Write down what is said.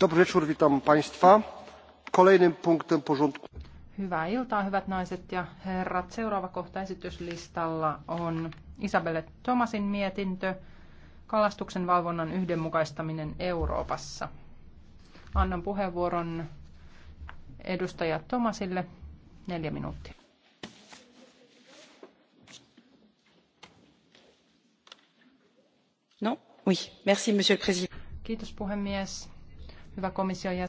Dobry wieczór, witam państwa. Kolejnym punktem porządku. Hyvää iltaa, hyvät naiset ja herrat. Seuraava kohta esityslistalla on Isabelle Thomasin mietintö kalastuksen valvonnan yhdenmukaistaminen Euroopassa. Annan puheenvuoron edustaja Tomasille. Neljä minuuttia. No, oui. Merci, monsieur le président. Kiitos puhemies. Hyvä komission jäsen.